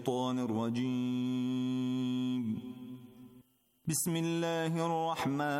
الشيطان الرجيم بسم الله الرحمن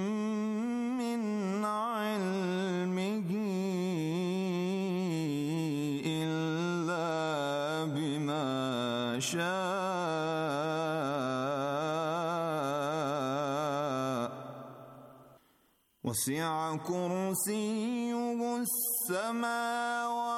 وسع كرسيه السماوات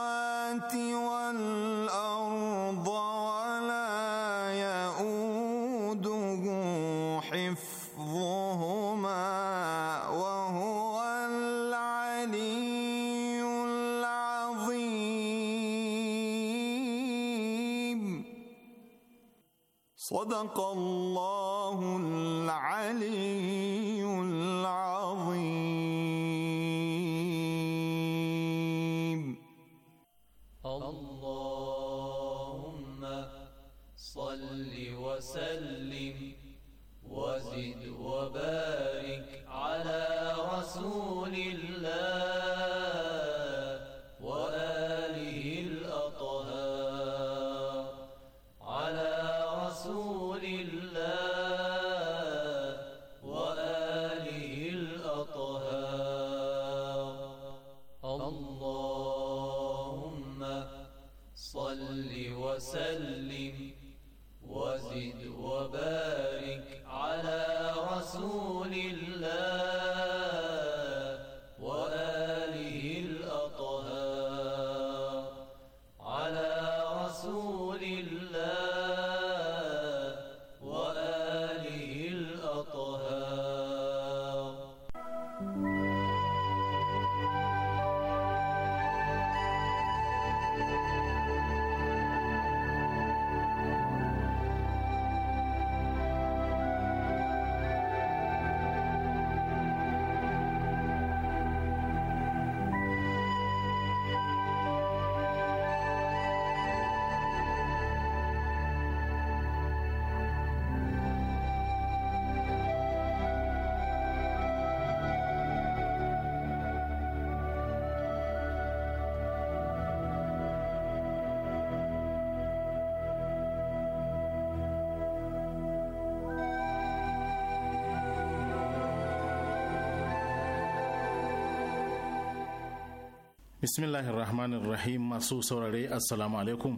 Rahmanir Rahim, masu saurare assalamu alaikum.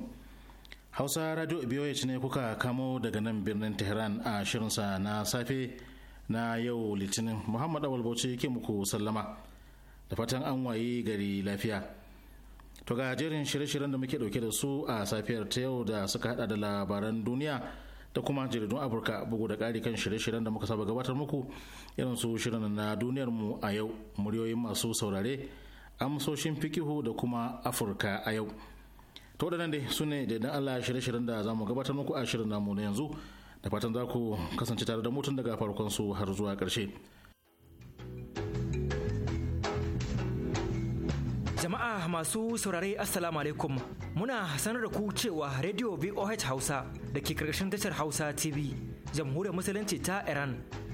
Hausa Radio BOH ne kuka kamo daga nan birnin Tehran a shirinsa na safe na yau Litinin Muhammad Awal Bauchi ke muku sallama da fatan an wayi gari lafiya. To ga jerin shirye-shiryen da muke dauke da su a safiyar ta yau da suka hada da labaran duniya da kuma jaridun Afirka bugu da ƙari kan shirye-shiryen da muka saba gabatar muku irin su shirin na duniyar mu a yau muryoyin masu saurare amsoshin fikihu da kuma afirka a yau to da nan dai su ne da allah shirye shirin da za mu gabatar muku a shirin namu na yanzu da fatan za ku kasance tare da mutum daga farkon su har zuwa karshe Jama'a masu saurare Assalamu alaikum muna sanar da ku cewa Radio VOH Hausa da ke karkashin tashar Hausa TV jamhuriyar musulunci ta Iran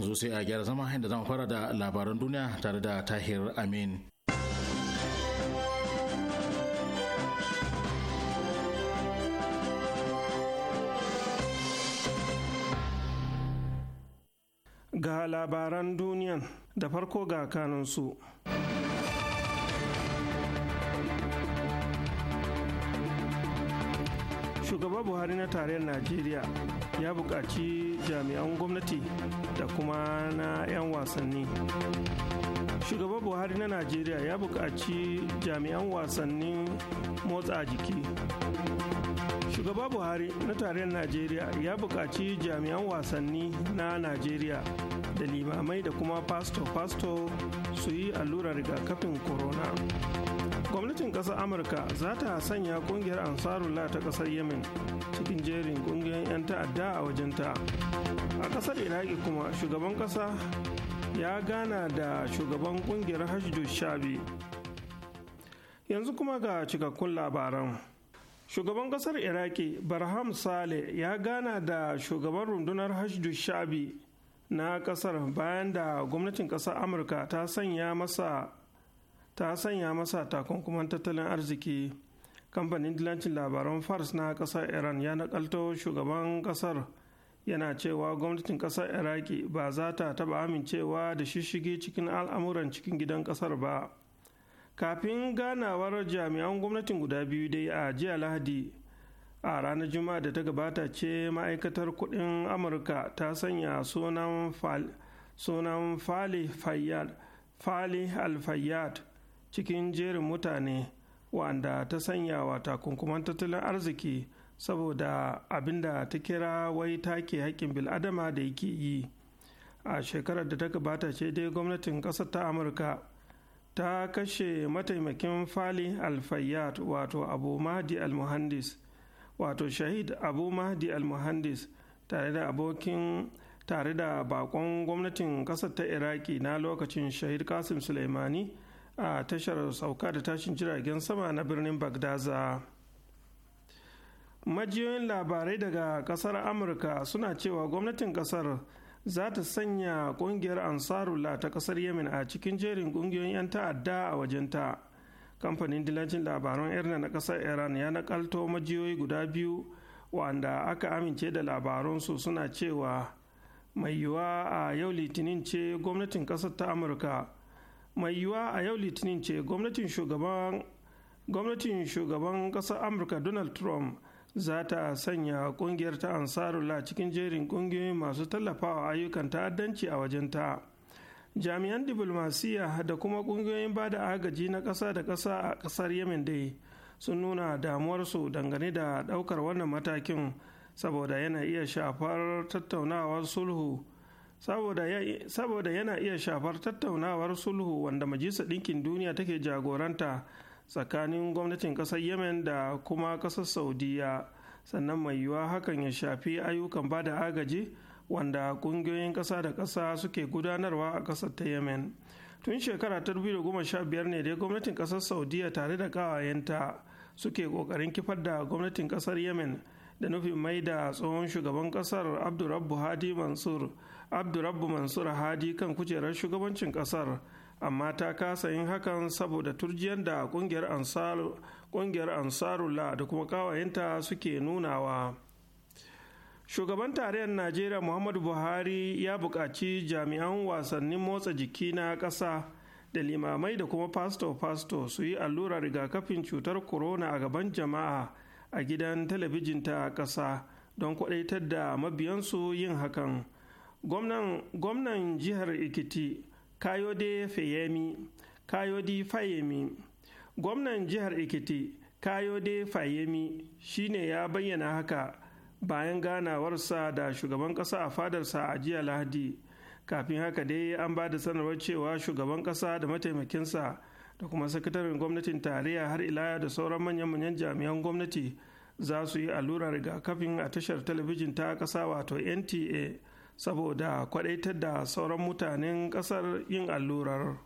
yanzu sai a gyara zama inda zama fara da labaran duniya tare da tahir amin ga labaran duniyan da farko ga kanunsu. shugaba buhari na tarayyar najeriya ya buƙaci jami'an gwamnati da kuma na 'yan wasanni shugaba buhari na najeriya ya buƙaci jami'an wasannin motsa jiki shugaba buhari na tarayyar najeriya ya buƙaci jami'an wasanni na najeriya da limamai da kuma fasto-fasto su yi allurar rigakafin corona gwamnatin ƙasar amurka za ta sanya ƙungiyar ansarula ta ƙasar yemen cikin jerin kungiyar 'yan ta'adda a wajenta a ƙasar iraki kuma shugaban ƙasa ya gana da shugaban ƙungiyar hajjo shabi yanzu kuma ga cikakkun labaran shugaban ƙasar iraki barham saleh ya gana da shugaban rundunar hajjo shabi na ƙasar bayan da gwamnatin ƙasar amurka ta sanya masa ta sanya masa takunkuman tattalin arziki kamfanin dilancin labaran fars na ƙasar iran ya nakalto shugaban ƙasar yana cewa gwamnatin ƙasar iraki ba za ta taɓa amincewa da shishigi cikin al'amuran cikin gidan ƙasar ba kafin ganawar jami'an gwamnatin guda biyu dai a jiya lahadi a ranar juma'a da ta gabata ce ma'aikatar kudin amurka ta sanya sunan fali fali alfayyad cikin jerin mutane wanda ta sanya wa takunkuman tattalin arziki saboda abin da ta kira wai ta ke haƙƙin bil'adama da yake yi a shekarar da ta gabata ce dai gwamnatin ƙasar ta amurka ta kashe mataimakin fali alfayyad wato abu mahdi almuhandis wato shahid abu mahdi almuhandis tare da abokin tare da bakon gwamnatin ƙasar ta iraki na lokacin shahid kasim suleimani a tashar sauka da tashin jiragen sama na birnin bagdaza majiyoyin labarai daga kasar amurka suna cewa gwamnatin kasar za ta sanya kungiyar ansarula ta kasar yemen a cikin jerin kungiyoyin 'yan ta'adda a wajenta kamfanin dilancin labaran irna na kasar iran ya nakalto majiyoyi guda biyu wanda aka amince da labaransu suna cewa mai yiwuwa a yau litinin ce gwamnatin kasar ta amurka mai yiwuwa a yau litinin ce gwamnatin shugaban gwamnatin ƙasar amurka donald trump za ta sanya kungiyar ta ansarula cikin jerin kungiyoyi masu tallafawa ayyukan ta'addanci a wajen ta jami'an diplomasiya da kuma kungiyoyin ba da agaji na kasa da kasa a kasar yemen dai sun nuna damuwarsu dangane da ɗaukar wannan matakin saboda yana iya shafar tattaunawar sulhu saboda yana iya shafar tattaunawar sulhu wanda majisa ɗinkin duniya take jagoranta tsakanin gwamnatin ƙasar yemen da kuma ƙasar saudiya sannan mai yiwuwa hakan ya shafi ayyukan ba da agaji wanda ƙungiyoyin ƙasa da ƙasa suke gudanarwa a ƙasar ta yemen tun shekara ta biyar ne dai gwamnatin ƙasar saudiya tare da kawayenta suke ƙoƙarin kifar da gwamnatin ƙasar yemen da nufin mai da tsohon shugaban ƙasar abdurrabbu hadi mansur abdurabbu mansur hadi kan kujerar shugabancin kasar amma ta kasa yin hakan saboda turjiyar da kungiyar ansarula da kuma kawayenta suke nunawa shugaban tarayyar najeriya muhammadu buhari ya buƙaci jami'an wasannin motsa jiki na ƙasa da limamai da kuma fasto-fasto su yi allurar rigakafin cutar corona a gaban jama'a a gidan talabijin ta ƙasa don kwaɗaitar da mabiyansu yin hakan. gwamnan jihar ikiti kayode fayemi kayode fayemi gwamnan jihar ikiti kayode fayemi shine ya bayyana haka bayan ganawarsa da shugaban kasa a fadarsa a jiya lahadi kafin haka dai an ba da sanarwar cewa shugaban kasa da mataimakinsa da kuma sakataren gwamnatin tarayya har ilaya da sauran manyan-manyan jami'an gwamnati za su yi allurar rigakafin a tashar talabijin ta kasa wato nta saboda kwadaitar da sauran mutanen kasar yin allurar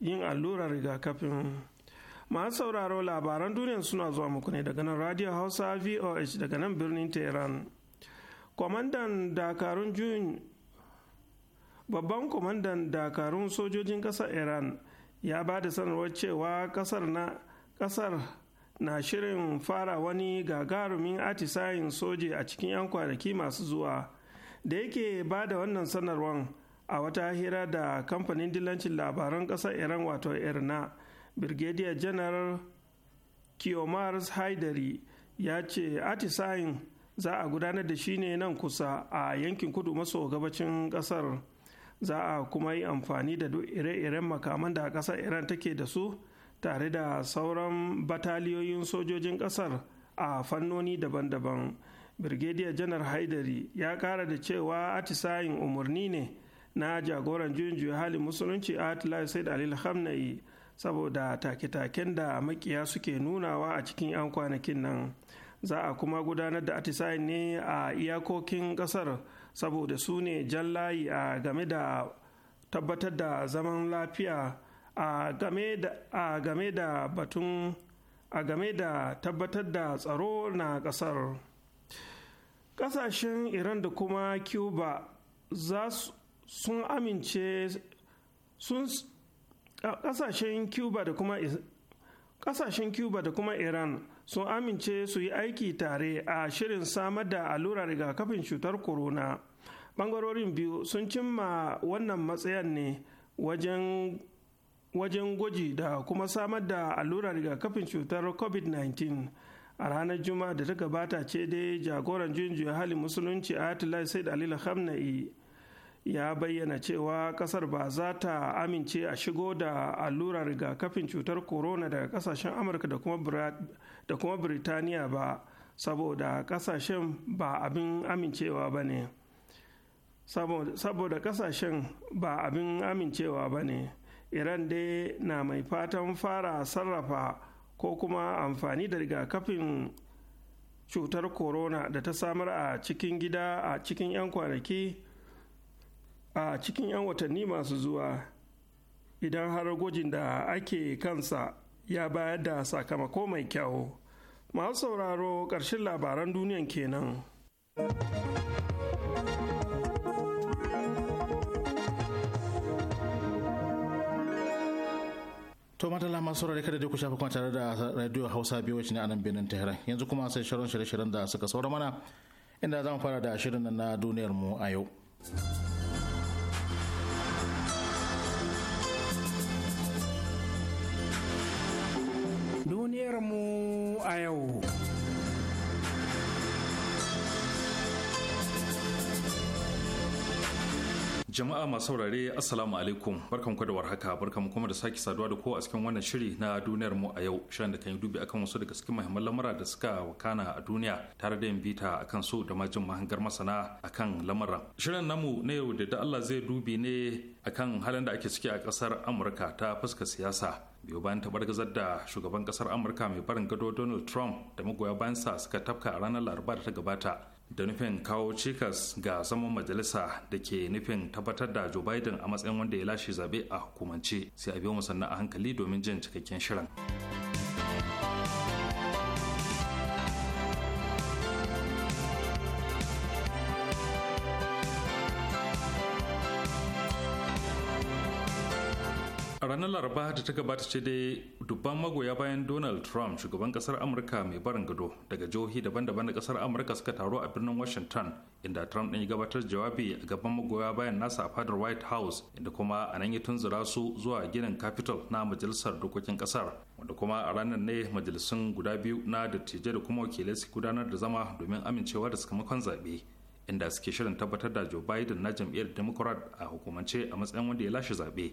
yin allurar rigakafin masu sauraro labaran duniya suna zuwa muku ne daga nan radio hausa voh daga nan birnin tehran kwamandan dakarun juyin babban kwamandan dakarun sojojin kasar iran ya ba da sanarwar cewa kasar na kasar na shirin fara wani gagarumin atisayin soji a cikin 'yan kwanaki masu zuwa da yake ba da wannan sanarwar a wata hira da kamfanin dilancin labaran ƙasar iran wato irna brigadier general kiomars haidari ya ce atisayin za a gudanar da shi ne nan kusa a yankin kudu maso gabacin ƙasar za a kuma yi amfani da duk ire-iren makaman da ƙasar iran take da su tare da sauran bataliyoyin sojojin ƙasar a fannoni daban-daban. Birgediya janar haidari ya kara da cewa atisayin umarni ne na jagoran juyin juya halin musulunci atlas said alil hamnai saboda take-taken da makiya suke nunawa a cikin 'yan kwanakin nan za a kuma gudanar da atisayin ne a iyakokin kasar saboda su ne jan layi a game da tabbatar da zaman lafiya a game da batun a game da tabbatar da tsaro na kasar. kasashen iran da kuma cuba za sun amince sun kasashen cuba da kuma kasashen cuba da kuma iran sun amince su yi aiki tare a shirin samar da allurar rigakafin cutar corona bangarorin biyu sun cimma wannan matsayan ne wajen wajen gwaji da kuma samar da allurar rigakafin cutar covid-19 a ranar juma'a da ta gabata ce dai jagoran junjiya halin musulunci ayatollah said alila khamenei ya bayyana cewa kasar ba za ta amince a shigo da allurar rigakafin cutar corona daga kasashen amurka da kuma birtaniya ba saboda kasashen ba abin amincewa ba ne saboda kasashen ba abin amincewa ba ne iran dai na mai fatan fara sarrafa ko kuma amfani da rigakafin cutar corona da ta samar a cikin gida a cikin 'yan kwanaki a cikin 'yan watanni masu zuwa idan har gwajin da ake kansa ya bayar da sakamako mai kyau masu sauraro ƙarshen labaran duniyan kenan. To matala masu rarrika da ku shafa kuma tare da radio Hausa biyu wacce ne a nan Tehran. Yanzu kuma sai shirin shirye-shiryen da suka saura mana inda zamu fara da shirin na duniyar mu a yau. Duniyar mu a yau. Jama'a masu saurare Assalamu alaikum barkan ku da warhaka barkan kuma da sake saduwa da ku a cikin wannan shiri na duniyar mu a yau shirin da kan yi dubi akan wasu daga cikin muhimman lamura da suka wakana a duniya tare da yin bita akan su da majin mahangar masana akan lamuran. Shirin namu na yau da Allah zai dubi ne akan halin da ake ciki a kasar Amurka ta fuska siyasa biyu bayan tabargazar da shugaban kasar Amurka mai barin gado Donald Trump da magoya bayansa suka tafka a ranar Laraba da ta gabata da nufin kawo cikas ga zaman majalisa da ke nufin tabbatar da joe biden a matsayin wanda ya lashe zaɓe a hukumance sai a biyo musanna a hankali domin jin cikakken shirin. a ranar laraba da ta gabata ce dai dubban magoya bayan donald trump shugaban kasar amurka mai barin gado daga jihohi daban-daban da kasar amurka suka taru a birnin washington inda trump ɗin ya gabatar jawabi a gaban magoya bayan nasa a fadar white house inda kuma a nan ya tunzura su zuwa ginin capitol na majalisar dokokin kasar wanda kuma a ranar ne majalisun guda biyu na dattijai da kuma wakilai su gudanar da zama domin amincewa da sakamakon zaɓe inda suke shirin tabbatar da joe biden na jam'iyyar democrat a hukumance a matsayin wanda ya lashe zaɓe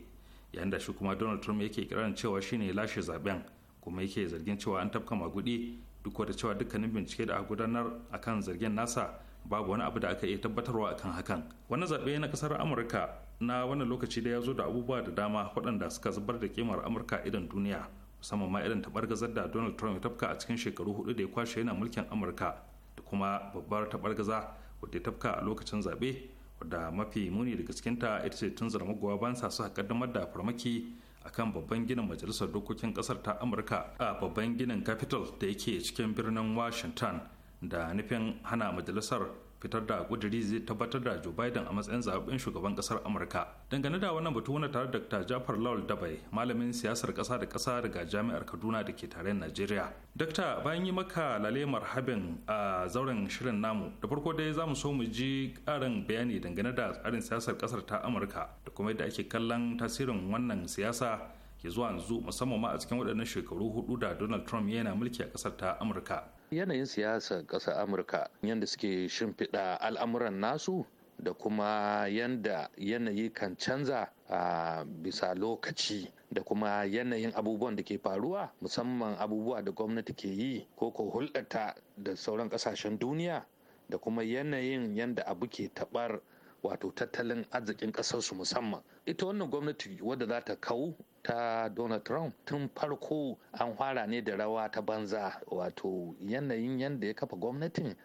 yayin da shi kuma donald trump yake kirarin cewa shine lashe zaben kuma yake zargin cewa an tafka magudi duk da cewa dukkanin bincike da aka gudanar akan zargin nasa babu wani abu da aka iya tabbatarwa akan hakan wannan zaɓe na kasar amurka na wannan lokaci da ya zo da abubuwa da dama waɗanda suka zubar da kimar amurka idan duniya musamman ma irin tabargazar da donald trump ya tafka a cikin shekaru hudu da ya kwashe yana mulkin amurka da kuma babbar tabargaza wadda ya tafka a lokacin zaɓe da mafi muni daga cikinta ita ce tun zara magoya ban sa su kaddamar da farmaki akan babban ginin majalisar dokokin ƙasar ta amurka a babban ginin capital da yake cikin birnin washington da nufin hana majalisar fitar da kudiri zai tabbatar da Joe Biden a matsayin zaɓen shugaban ƙasar Amurka. Dangane da wannan batu wani tare da Dr. Jafar Lawal Dabai, malamin siyasar ƙasa da ƙasa daga Jami'ar Kaduna da ke tare Najeriya. Dr. bayan yi maka lale marhabin a zauren shirin namu, da farko dai za mu so mu ji ƙarin bayani dangane da tsarin siyasar ƙasar ta Amurka da kuma yadda ake kallon tasirin wannan siyasa ke zuwa yanzu musamman ma a cikin waɗannan shekaru hudu da Donald Trump yana mulki a ƙasar ta Amurka. yanayin siyasar ƙasar amurka yadda suke shimfiɗa al'amuran nasu da kuma yadda yanayi kan canza a bisa lokaci da kuma yanayin abubuwan da ke faruwa musamman abubuwa da gwamnati ke yi ko ko hulɗata da sauran ƙasashen duniya da kuma yanayin yadda abu ke taɓar wato tattalin arzikin ƙasarsu musamman ita wannan gwamnati wadda za ta kawo ta donald trump tun farko an fara ne da rawa ta banza wato yanayin yadda ya kafa gwamnatin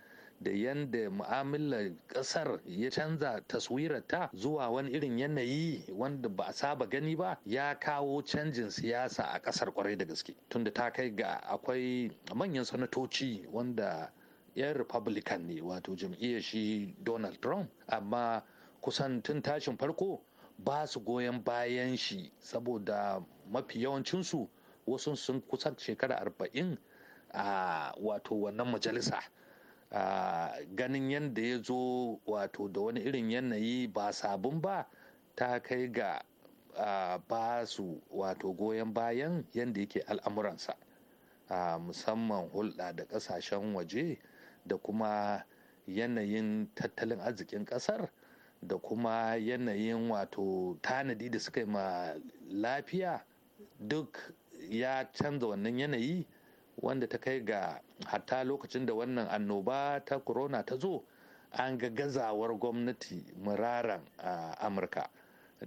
da yadda mu'amalar kasar ya canza taswirarta zuwa wani irin yanayi wanda ba a saba gani ba ya kawo canjin siyasa a kasar kwarai da gaske tunda ta kai ga akwai manyan sanatoci wanda 'yan republican ne wato jam'iyyar shi donald trump amma kusan tun tashin farko ba su goyon bayan shi saboda mafi yawancinsu wasu sun kusa shekara arba'in a wato wannan majalisa ganin yadda ya zo wato da wani irin yanayi ba sabon ba ta kai ga ba su wato goyon bayan yadda yake al'amuransa musamman hulɗa da ƙasashen waje da kuma yanayin tattalin arzikin kasar da kuma yanayin wato tanadi da suka yi ma lafiya duk ya canza wannan yanayi wanda ta kai ga hatta lokacin da wannan annoba ta corona ta zo an ga gazawar gwamnati muraran a amurka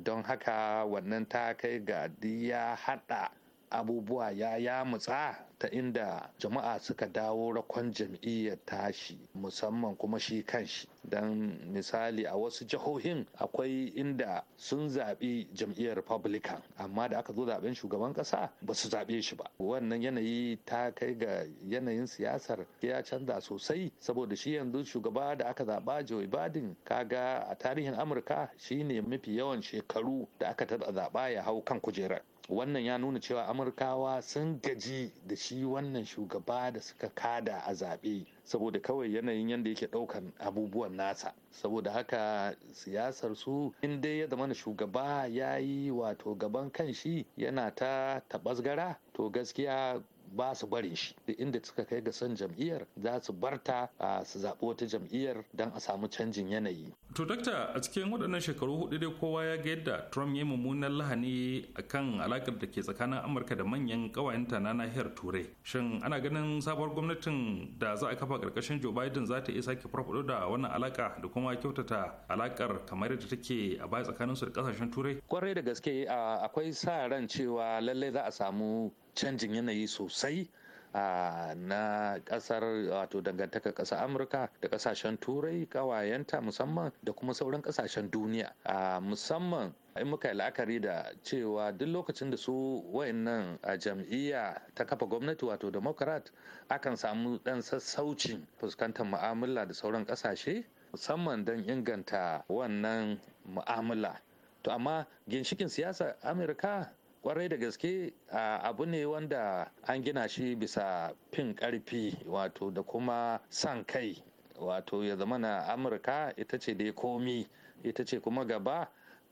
don haka wannan ta kai ga ya hada abubuwa ya yamutsa ta inda jama'a suka dawo rakon jam'iyyar tashi musamman kuma shi kanshi don misali a wasu jihohin akwai inda sun zaɓi jam'iyyar republican amma da aka zo zaɓen shugaban ƙasa ba su zaɓe shi ba wannan yanayi ta kai ga yanayin siyasar ya canza sosai saboda shi yanzu shugaba da aka zaɓa joe biden kaga a tarihin amurka shine mafi yawan shekaru da aka taɓa zaɓa ya hau kan kujerar wannan ya nuna cewa amurkawa sun gaji da shi wannan shugaba da suka kada a zaɓe saboda kawai yanayin yadda yake ɗaukan abubuwan nasa saboda haka siyasar su in dai ya zama shugaba ya yi wato gaban kanshi yana ta taɓasgara to gaskiya ba su barin shi duk inda suka kai ga son jam'iyyar za su barta a su zaɓi wata jam'iyyar don a samu canjin yanayi. To dakta a cikin waɗannan shekaru hudu dai kowa ya ga yadda Trump ya yi mummunan lahani a kan alakar da ke tsakanin Amurka da manyan ƙawayenta na nahiyar Turai. Shin ana ganin sabuwar gwamnatin da za a kafa ƙarƙashin Joe Biden za ta iya sake farfaɗo da wannan alaƙa da kuma kyautata alaƙar kamar yadda take a baya tsakanin su da ƙasashen Turai? Kwarai da gaske akwai sa ran cewa lallai za a samu canjin yanayi sosai a na kasar wato dangantaka kasar amurka da ƙasashen turai kawayenta musamman da kuma sauran ƙasashen duniya a musamman in muka yi la'akari da cewa duk lokacin da su wayannan a jam'iyya ta kafa gwamnati wato democrat akan samu dan sassaucin fuskantar mu'amala da sauran ƙasashe, musamman don inganta wannan mu'amala to amma ginshikin siyasa amurka kwarai da gaske abu ne wanda an gina shi bisa fin karfi wato da kuma san kai wato ya zama na amurka ita ce dai komi ita ce kuma gaba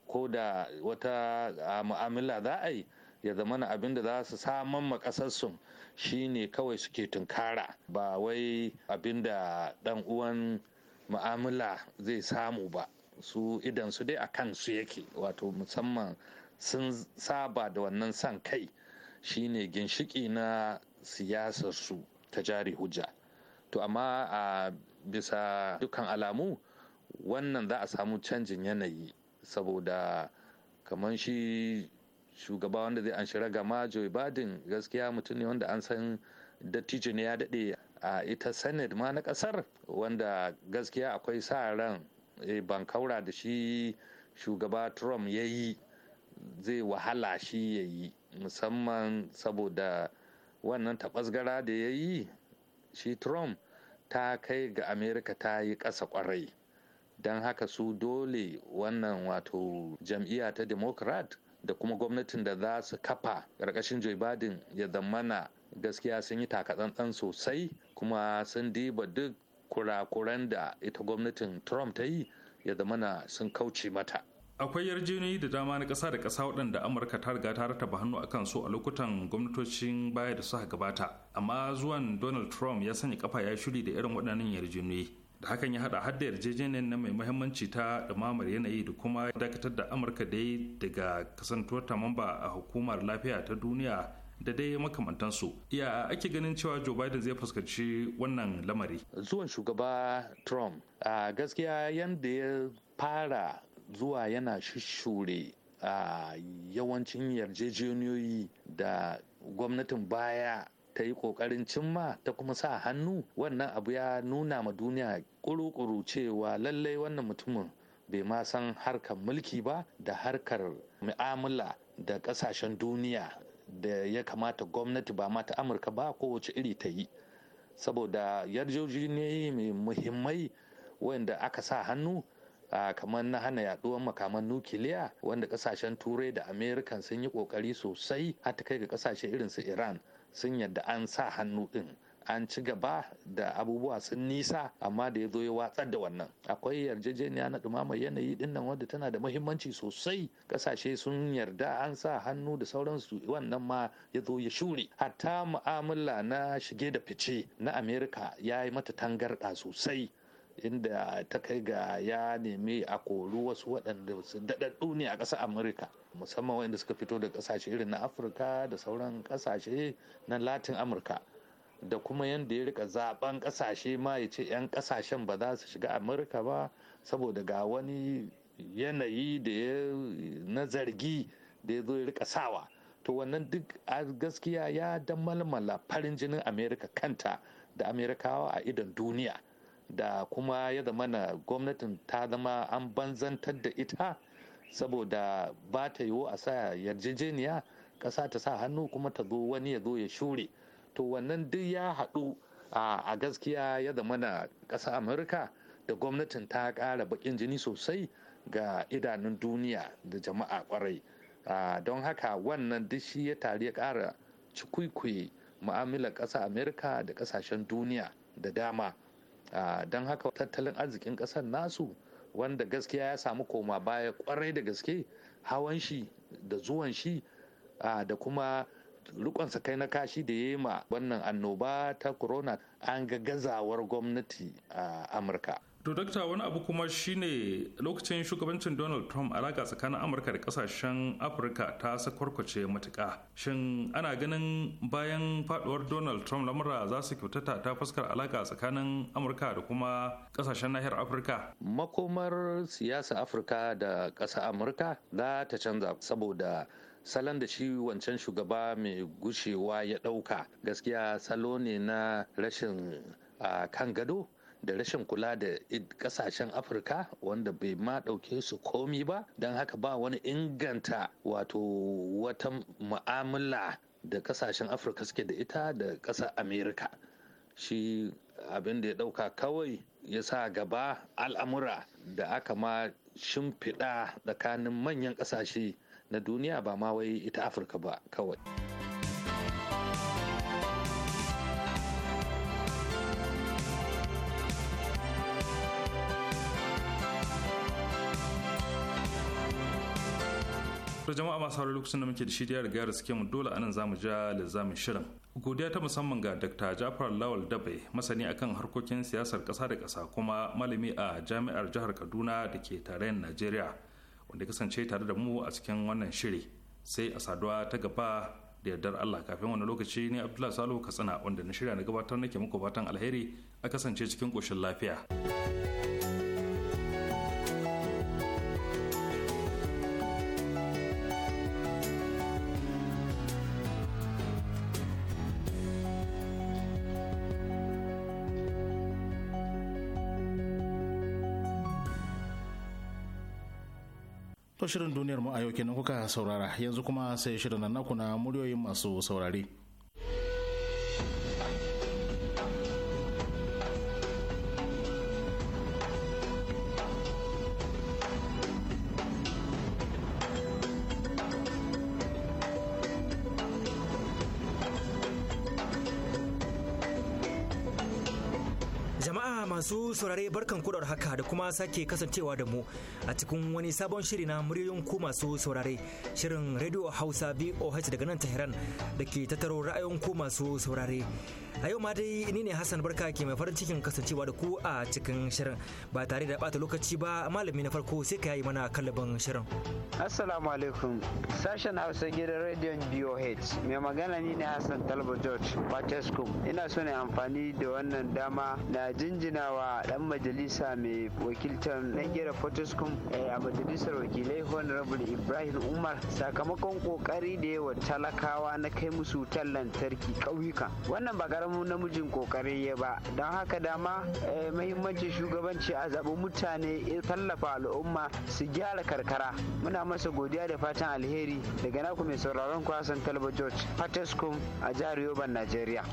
ko da wata mu'amala za a yi ya zama na abin da za su saman makasarsu ne kawai suke tunkara ba wai abin da dan uwan mu'amala zai samu ba su idan su dai a kansu yake wato musamman sun saba da wannan san kai shine ginshiki na siyasar su ta jari hujja to amma a bisa dukkan alamu wannan za a samu canjin yanayi saboda kamar shi shugaba wanda zai an shira gama joe biden gaskiya mutum ne wanda an san dattijo ne ya daɗe a ita senate ma na ƙasar wanda gaskiya akwai sa ran eh, bankaura da shi shugaba trump ya yi zai wahala shi ya yi musamman saboda wannan taɓasgara da ya yi shi trump ta kai ga amerika ta yi ƙasa ƙwarai don haka su dole wannan wato jam'iyya ta democrat da kuma gwamnatin da za su kafa ƙarƙashin joe biden ya zamana gaskiya sun yi takatsantsan sosai kuma sun diba duk kurakuran da ita gwamnatin trump ta yi ya zamana sun kauce mata akwai yarjejeniyoyi da dama na kasa da kasa waɗanda amurka ta riga ta rataba hannu akan su a lokutan gwamnatocin baya da suka gabata amma zuwan donald trump ya sanya kafa ya shuri da irin waɗannan yarjejeniyoyi da hakan ya haɗa hadda yarjejeniyar na mai muhimmanci ta ɗumamar yanayi da kuma dakatar da amurka dai daga kasantuwar ta mamba a hukumar lafiya ta duniya da dai makamantansu iya ake ganin cewa joe biden zai fuskanci wannan lamari zuwan shugaba trump a gaskiya yadda ya fara zuwa yana shure a yawancin yarjejeniyoyi da gwamnatin baya ta yi ƙoƙarin cimma ta kuma sa hannu wannan abu ya nuna ma duniya ƙuruƙuru cewa lallai wannan mutumin bai ma san harkar mulki ba da harkar mu'amala da ƙasashen duniya da ya kamata gwamnati ba ma ta amurka ba kowace iri ta yi saboda yarjejeniyoyi mai muhimmai wanda aka sa hannu kamar na hana yaduwar makaman nukiliya wanda kasashen turai da amerikan sun yi kokari sosai har ta kai ga kasashe irin su iran sun yadda an sa hannu din an ci gaba da abubuwa sun nisa amma da ya zo ya watsar da wannan akwai yarjejeniya na ɗumamar yanayi din nan wadda tana da muhimmanci sosai ƙasashe sun yarda an sa hannu da sauransu wannan ma ya zo ya shure hatta mu'amala na shige da fice na amerika ya yi mata tangarɗa sosai inda ta kai ga ya nemi a kori wasu waɗanda su daɗaɗɗu ne a ƙasar amurka musamman waɗanda suka fito da ƙasashe irin na afirka da sauran ƙasashe na latin amurka da kuma yadda ya rika zaben ƙasashe ma ya ce 'yan ƙasashen ba za su shiga amurka ba saboda ga wani yanayi da ya na zargi da ya zo ya rika sawa to wannan duk a gaskiya ya damalmala farin jinin amerika kanta da amerikawa a idon duniya da kuma ya zamana gwamnatin ta zama an banzantar da ita saboda ba ta yiwu a sa yarjejeniya ƙasa ta sa hannu kuma ta zo wani ya zo ya shure to wannan duk ya haɗu a gaskiya ya zamana ƙasa amurka da gwamnatin ta ƙara baƙin jini sosai ga idanun duniya da jama'a kwarai don haka wannan duk shi ya tari ya ƙara cikuikuyi mu'amalar ƙasa Amurka da ƙasashen duniya da dama don haka tattalin arzikin ƙasar nasu wanda gaskiya ya samu koma baya kwarai da gaske hawan shi da zuwan shi da kuma rikonsa kai na kashi da ya yi ma wannan annoba ta corona an ga gazawar gwamnati a amurka to dakta wani abu kuma shine lokacin shugabancin donald trump alaka tsakanin amurka da kasashen afirka ta sakwarkwace matuka shin ana ganin bayan faduwar donald trump lamura za su kyautata ta fuskar alaka tsakanin amurka da kuma kasashen nahiyar afirka makomar siyasa afirka da ƙasa amurka za ta canza saboda salon da shi wancan shugaba mai gushewa ya ɗauka gaskiya salo ne na rashin a ah, kan gado da rashin kula da kasashen afirka wanda bai ma dauke su komi ba don haka ba wani inganta wato wata mu'amala da kasashen afirka suke da ita da kasar amerika shi abin da ya dauka kawai ya sa gaba al'amura da aka ma shimfiɗa tsakanin manyan ƙasashe na duniya ba ma wai ita afirka ba kawai. to jama'a masu haru lokacin da muke da shirya da gayar suke mu dole anan zamu ja lizamin shirin godiya ta musamman ga dr jafar lawal dabe masani akan harkokin siyasar kasa da kasa kuma malami a jami'ar jihar kaduna da ke tarayyar najeriya wanda kasance tare da mu a cikin wannan shiri sai a saduwa ta gaba da yardar allah kafin wani lokaci ne abdullahi salo katsina wanda na shirya na gabatar nake muku fatan alheri a kasance cikin koshin lafiya. shirin duniyar mu a yau kenan kuka saurara yanzu kuma sai shirin nan naku na muryoyin masu saurare. barkan kuɗar haka da kuma sake kasancewa da mu a cikin wani sabon shiri na muryoyin ku masu saurare shirin Radio Hausa VOH daga nan Tehran da ke tattaro ra'ayoyin ku masu saurare. A yau ma dai ni ne Hassan Barka ke mai farin cikin kasancewa da ku a cikin shirin ba tare da bata lokaci ba malami na farko sai ka yi mana kallabin shirin. Assalamu alaikum sashen Hausa gidan rediyon BOH mai magana ni ne Hassan Talba George Patescu ina so ne amfani da wannan dama na jinjinawa dan majalisa mai wakiltar Nigeria Patescu eh, a majalisar wakilai Honorable Ibrahim Umar sakamakon kokari da yawa talakawa na kai musu wutar lantarki ƙauyuka wannan ba karamin namijin kokari ya ba don haka dama eh, mahimmancin shugabanci a zaɓi mutane ya tallafa al'umma su gyara karkara muna masa godiya da fatan alheri daga naku mai sauraron kwasan talba george patescom a jihar yoban najeriya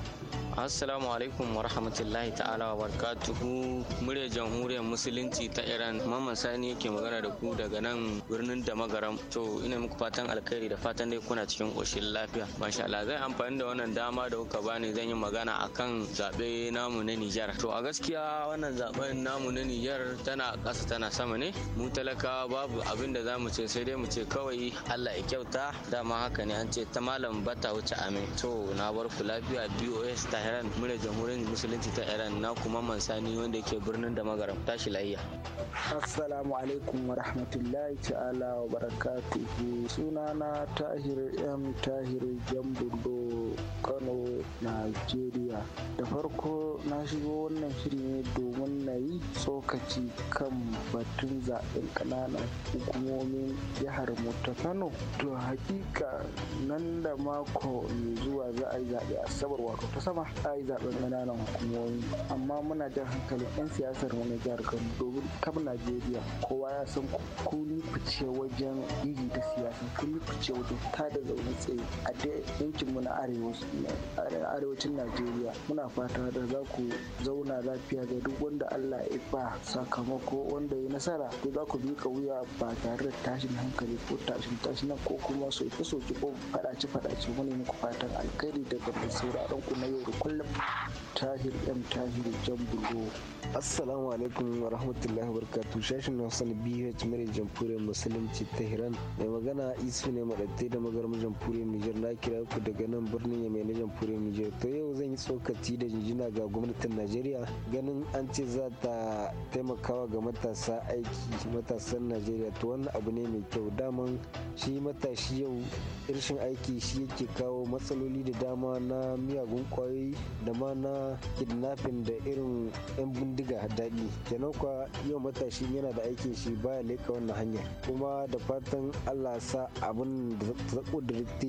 assalamu alaikum wa rahmatullahi ta'ala wa barakatuhu murya jamhuriyar musulunci ta iran mamman sani yake magana da ku daga nan birnin da magaram to ina muku fatan alkhairi da fatan dai kuna cikin koshin lafiya masha Allah zai amfani da wannan dama da kuka bani zan yi magana akan zaɓe namu na Nijar to a gaskiya wannan zaɓen namu na Nijar tana ƙasa tana sama ne mu talakawa babu abin da za mu ce sai dai mu ce kawai Allah ya kyauta dama haka ne an ce ta malam bata wuce amin to na bar ku lafiya BOS ta iran muna jamhuriyar musulunci ta iran na kuma mansani wanda ke birnin da magaram tashi lahiya assalamu alaikum wa rahmatullahi ta'ala wa barakatuhu na tahir m tahir jambudo kano nigeria da farko na shigo wannan shiri ne domin na yi tsokaci kan batun zaɓen ƙananan hukumomin jihar mu ta kano to hakika nan da mako mai zuwa za a yi zaɓe asabar wato ta sama a yi zaben ƙananan hukumomi amma muna jan hankali 'yan siyasar mu na jihar kano domin kaf najeriya kowa ya san kun fice wajen iri ta siyasa kun fice wajen ta da zaune tsaye a da yankin mu na arewacin najeriya muna fata da za ku zauna lafiya ga duk wanda allah ya ba sakamako wanda ya nasara to za ku bi ka wuya ba tare da tashin hankali ko tashin tashin ko kuma soke soke ko faɗace faɗace wani muku fatan alkhairi daga sauraron ku na yau kullum tahir m tahir jan bulo assalamu alaikum wa rahmatullahi wa barakatu shashin Hassan, na bh mare jamhuriyar musulunci tehran mai magana isu ne madaddai da magarmar jamhuriyar nijar na kira ku daga nan birnin yamai na jamhuriyar nijar to yau zan yi tsokaci da jinjina ga gwamnatin najeriya ganin an ce za ta taimakawa ga matasa aiki matasan najeriya to wannan abu ne mai kyau daman shi matashi yau rashin aiki shi yake kawo matsaloli da dama na miyagun kwayoyi da ma na kidnapping da irin 'yan bindiga daɗi kenan kuwa yau matashi yana da aikin shi baya leka wannan hanya kuma da fatan allah sa abin da ta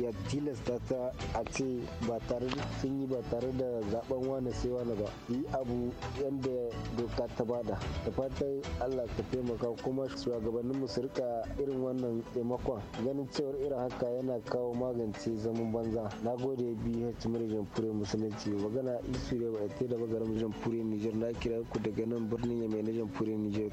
ya tilasta ta a ce ba tare sun yi ba tare da zaben wani sai wani ba yi abu yadda doka ta bada da fatan allah ka taimaka kuma shugabannin su rika irin wannan taimakon ganin cewar irin haka yana kawo magance zaman banza na gode bh murjan fure jamhuriyar musulunci magana isu ne ba da magaram jamhuriyar niger na kira ku daga nan birnin yamai na jamhuriyar niger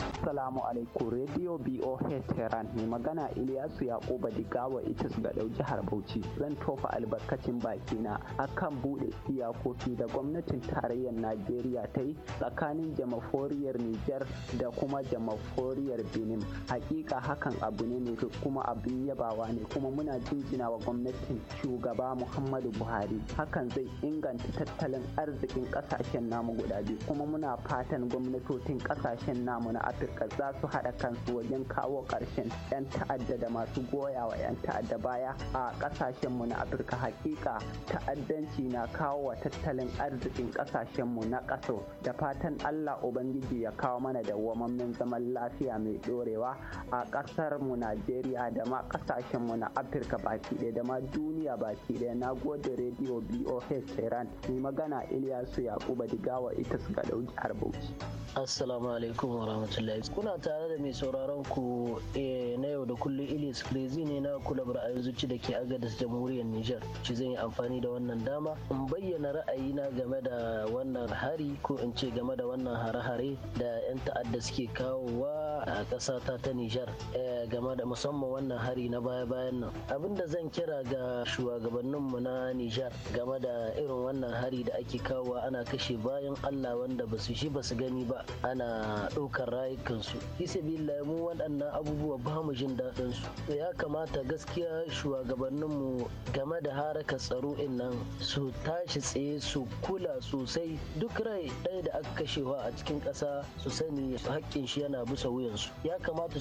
Assalamu alaikum Radio BOH Tehran mai magana Ilyasu Yakuba Digawa Itis Gadau jihar Bauchi zan tofa albarkacin bakina akan buɗe iyakoki da gwamnatin tarayyar Najeriya ta yi tsakanin jamaforiyar Nijar da kuma jamaforiyar Benin. Hakika hakan abu ne ne kuma abin yabawa ne kuma muna jinjina wa gwamnatin shugaba Muhammadu Buhari. Hakan zai inganta tattalin arzikin ƙasashen namu guda biyu kuma muna fatan gwamnatocin ƙasashen namu na afirka za su haɗa kansu wajen kawo ƙarshen 'yan ta'adda da masu goya wa 'yan ta'adda baya a ƙasashenmu na afirka hakika ta'addanci na kawo wa tattalin arzikin ƙasashenmu na ƙaso da fatan allah ubangiji ya kawo mana dawwamammin zaman lafiya mai ɗorewa a ƙasarmu najeriya da ma ƙasashenmu na afirka baki ɗaya da ma duniya baki ɗaya na gode rediyo boh tehran mai magana iliyasu yakuba digawa ita suka ɗauki harbauci. bauchi assalamu alaikum wa Abdullahi. Kuna tare da mai sauraron ku eh, na yau da kullum Ilyas Krezi ne na kulabar ra'ayin zuci da ke agadas jamhuriyar Nijar. Shi zan yi amfani da wannan dama in bayyana ra'ayina game da wannan hari ko in ce game da wannan hare-hare da 'yan ta'adda suke kawowa a ƙasa ta ta Nijar eh, game da musamman wannan hari na baya-bayan nan. Abin da zan kira ga shugabanninmu na Nijar game da irin wannan hari da ake kawowa ana kashe bayan Allah wanda ba su shi ba su gani ba ana ɗaukar rayu isa isabillahi mu waɗannan abubuwa ba mu jin daɗin su ya kamata gaskiya shugabannin mu game da haraka tsaro in nan su tashi tsaye su kula sosai duk rai ɗaya da aka kashewa a cikin ƙasa su sani haƙƙin shi yana bisa wuyansu ya kamata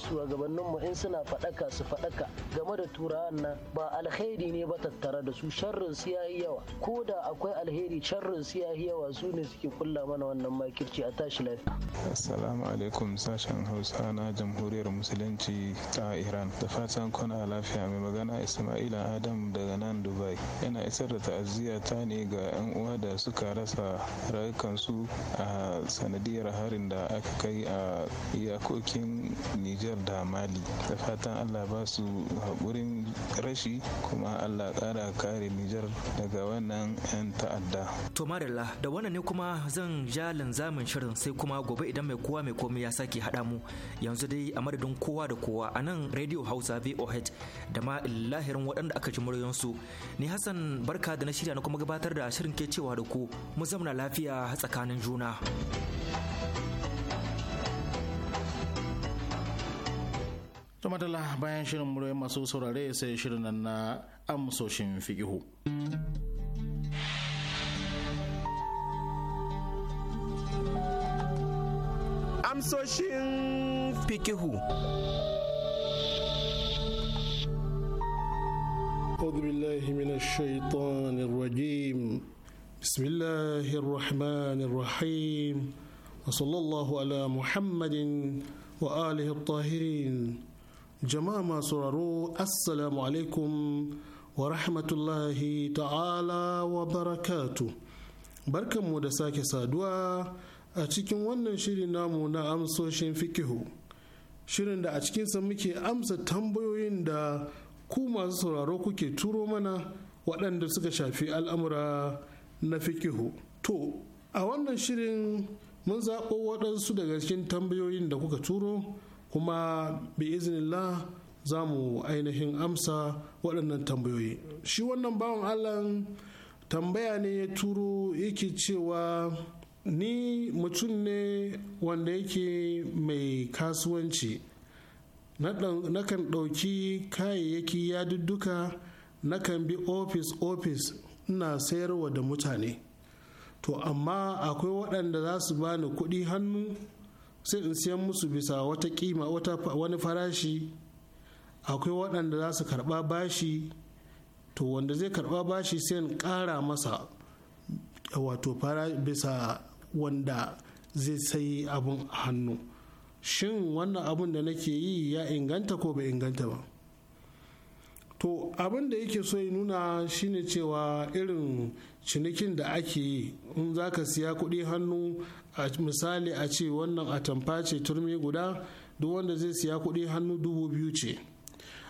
mu in suna faɗaka su faɗaka game da turawan nan ba alheri ne ba tattare da su sharrin su yayi yawa ko da akwai alheri sharrin su yayi yawa su ne suke kulla mana wannan makirci a tashi lafiya assalamu alaikum sashen hausa na jamhuriyar musulunci ta iran da fatan kuna lafiya mai magana ismaila adam daga nan dubai yana isar da ta'aziyya ta ne ga 'yan uwa da suka rasa rayukansu a sanadiyar harin da aka kai a iyakokin Nijar da mali da fatan allah ba su haƙurin rashi kuma allah ƙara kare Nijar daga wannan 'yan ta'adda to da wannan ne kuma zan ja linzamin shirin sai kuma gobe idan mai kowa mai komai ya sake ke haɗa mu yanzu dai a madadin kowa da kowa a nan radio hausa voh da ma lahirin waɗanda aka ji muryansu ni hassan barka da na shirya na kuma gabatar da shirin ke cewa da ku mu zamna lafiya tsakanin juna tumatala bayan shirin muryoyin masu saurare sai shirin nan na amsoshin fikihu amsoshin fikihu billahi minash shaitanir rajim bismillahir rahmanir rahim wa sallallahu ala muhammadin wa alihi at-tahirin jama'a masu raro assalamu alaikum wa rahmatullahi ta'ala wa barakatu barkanmu da sake saduwa a cikin wannan shiri namu na amsoshin fikihu shirin da a cikinsa muke amsa tambayoyin da ku masu sauraro kuke turo mana waɗanda suka shafi al'amura na fikihu to a wannan shirin mun zaɓo waɗansu daga cikin tambayoyin da kuka turo kuma bi iznillah za mu ainihin amsa waɗannan tambayoyi shi wannan bawan allah tambaya ne ya turo yake cewa ni mutum ne wanda yake mai kasuwanci na kan ɗauki kayayyaki ya dudduka kan bi ofis-ofis ina sayarwa da mutane to amma akwai waɗanda za su bani kuɗi hannu sai in siyan musu bisa wata kima wani farashi akwai waɗanda za su karɓa bashi to wanda zai karɓa bashi sai in ƙara masa wato bisa wanda zai sai abun hannu shin wannan abun da nake yi ya inganta ko bai inganta ba to abin da yake so ya nuna shine cewa irin cinikin da ake yi in za ka siya kuɗi hannu a misali a ce wannan atamfa ce turmi guda duk wanda zai siya kuɗi hannu dubu biyu ce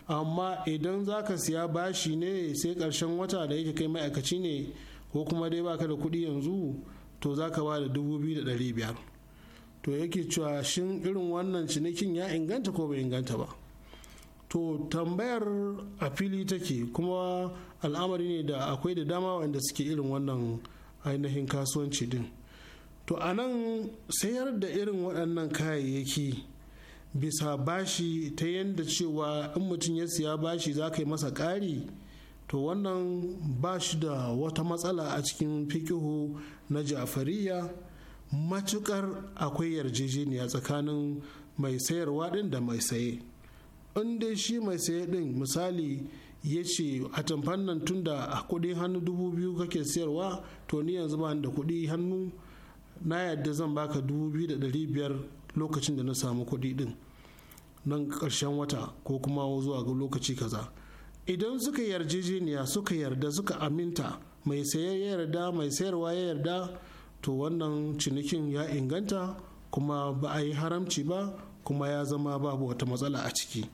amma idan za ka siya bashi ne sai ƙarshen wata da yake kai ma'aikaci ne ko kuma dai baka da kuɗi yanzu to za ka ba dubu biyu da ɗari biyar to yake cewa shin irin wannan cinikin ya inganta ko bai inganta ba to tambayar a fili take kuma al'amari ne da akwai da dama wanda suke irin wannan ainihin kasuwanci din to a nan sayar da irin waɗannan kayayyaki bisa bashi ta yadda cewa in mutum ya siya bashi za ka yi masa ƙari to wannan ba shi da wata matsala a cikin fikihu na ja'fariya matukar akwai yarjejeniya tsakanin mai sayarwa din da mai saye in dai shi mai saye din misali ya ce a tamfan nan tun da kudin hannu dubu biyu kake sayarwa to ni yanzu ba da kudi hannu na yadda zan baka dubu biyu da dari biyar lokacin da na samu kudi din nan ƙarshen wata ko kuma zuwa ga lokaci kaza idan suka yarjejeniya suka yarda suka aminta mai saye ya yarda mai sayarwa ya yarda to wannan cinikin ya inganta kuma ba a yi haramci ba kuma ya zama babu wata matsala a ciki